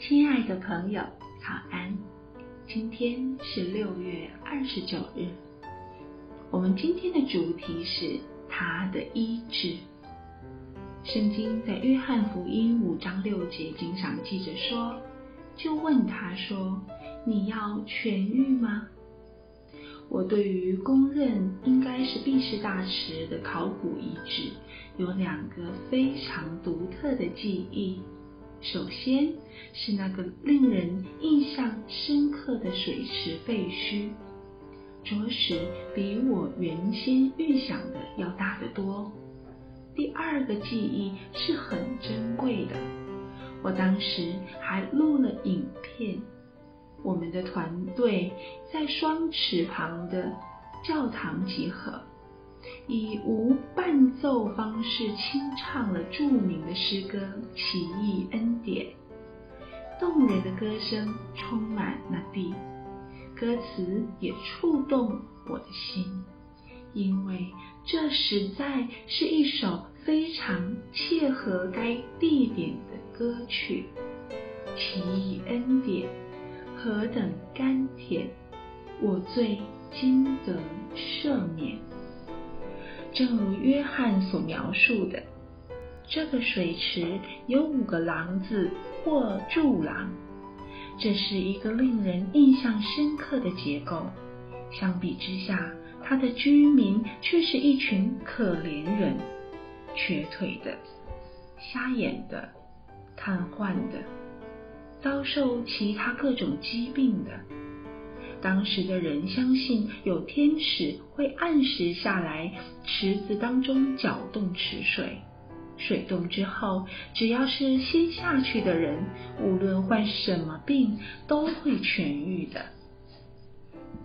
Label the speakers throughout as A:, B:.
A: 親愛的朋友，早安！今天是六月二十九日。我們今天的主題是祂的醫治。聖經在約翰福音五章六節經常記着說：“就問他說，你要痊癒嗎？”我對於公認應該是畢士大池的考古遺址，有兩個非常獨特的記憶。首先是那個令人印象深刻的水池廢墟，着實比我原先預想的要大得多。第二個記憶是很珍貴的，我當時還錄了影片。我們的團隊在雙池旁的教堂集合。以無伴奏方式清唱了著名的詩歌《奇異恩典》，動人的歌聲充滿了地，歌詞也觸動我的心，因為這實在是一首非常切合該地點的歌曲。奇異恩典，何等甘甜，我罪已得赦免。正如約翰所描述的，這個水池有五個廊子，或柱廊，這是一個令人印象深刻的結構。相比之下，它的居民卻是一群可憐人：瘸腿的、瞎眼的、癱瘓的，遭受其他各種疾病的。當時的人相信有天使會按時下來池子當中攪動池水，水動之後，只要是先下去的人，無論患什麼病都會痊癒的。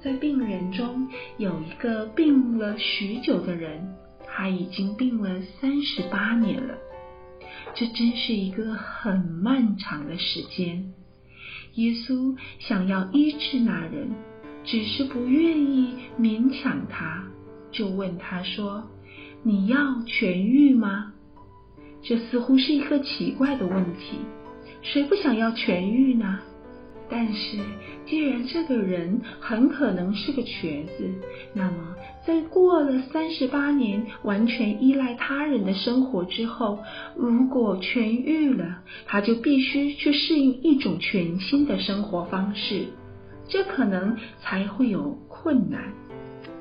A: 在病人中有一個病了許久的人，他已經病了三十八年了，這真是一個很漫長的時間。耶穌想要醫治那人。只是不願意勉強他，就問他說：“你要痊癒嗎？”這似乎是一個奇怪的問題。誰不想要痊癒呢？但是，既然這個人很可能是個瘸子，那麼在過了三十八年完全依賴他人的生活之後，如果痊癒了，他就必須去適應一種全新的生活方式。這可能才會有困難。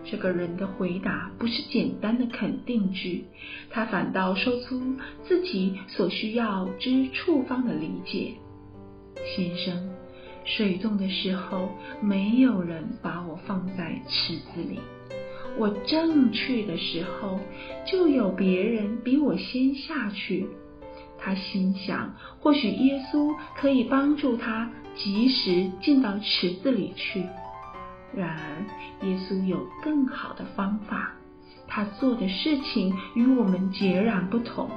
A: 這個人的回答不是簡單的肯定句，他反倒說出自己所需要之處方的理解。先生，水動的時候，沒有人把我放在池子裡；我正去的時候，就有別人比我先下去。他心想，或許耶穌可以幫助他。及時進到池子裡去。然而，耶穌有更好的方法。他做的事情與我們截然不同。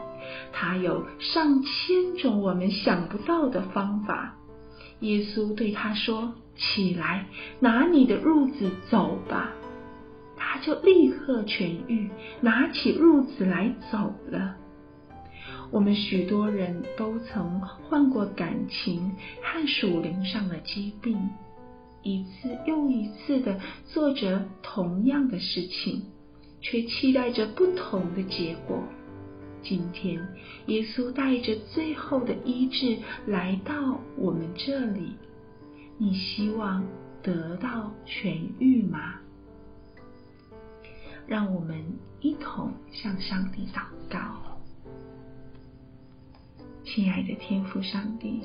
A: 他有上千種我們想不到的方法。耶穌對他說：“起來，拿你的褥子走吧。”他就立刻痊癒，拿起褥子來走了。我們許多人都曾患過感情和屬靈上的疾病，一次又一次的做着同樣的事情，卻期待着不同的結果。今天，耶穌帶着最後的醫治來到我們這裡，你希望得到痊癒嗎？讓我們一同向上帝禱告。親愛的天父上帝，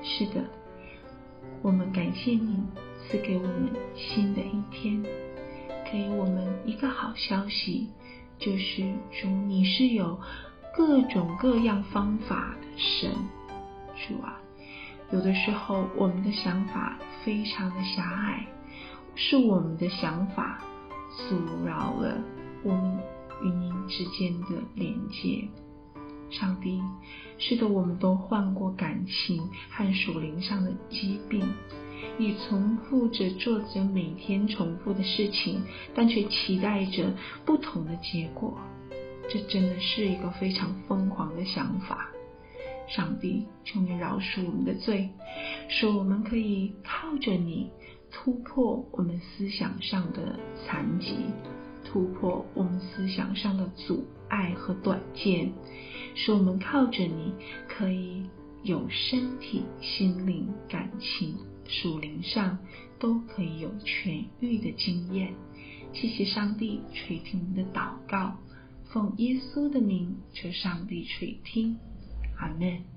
A: 是的，我們感謝你賜給我們新的一天，給我們一個好消息，就是主你是有各種各樣方法的神。主啊，有的時候我們的想法非常的狹隘，是我們的想法阻撓了我們與您之間的連接。上帝，是的，我們都患過感情和屬靈上的疾病，你重複着做着每天重複的事情，但卻期待着不同的結果。這真的是一個非常瘋狂的想法。上帝，求你饒恕我們的罪，說我們可以靠着你突破我們思想上的殘疾，突破我們思想上的阻礙和短見。使我們靠着你，可以有身體、心靈、感情、屬靈上都可以有痊癒的經驗。謝謝上帝垂聽我們的禱告，奉耶穌的名求上帝垂聽，阿門。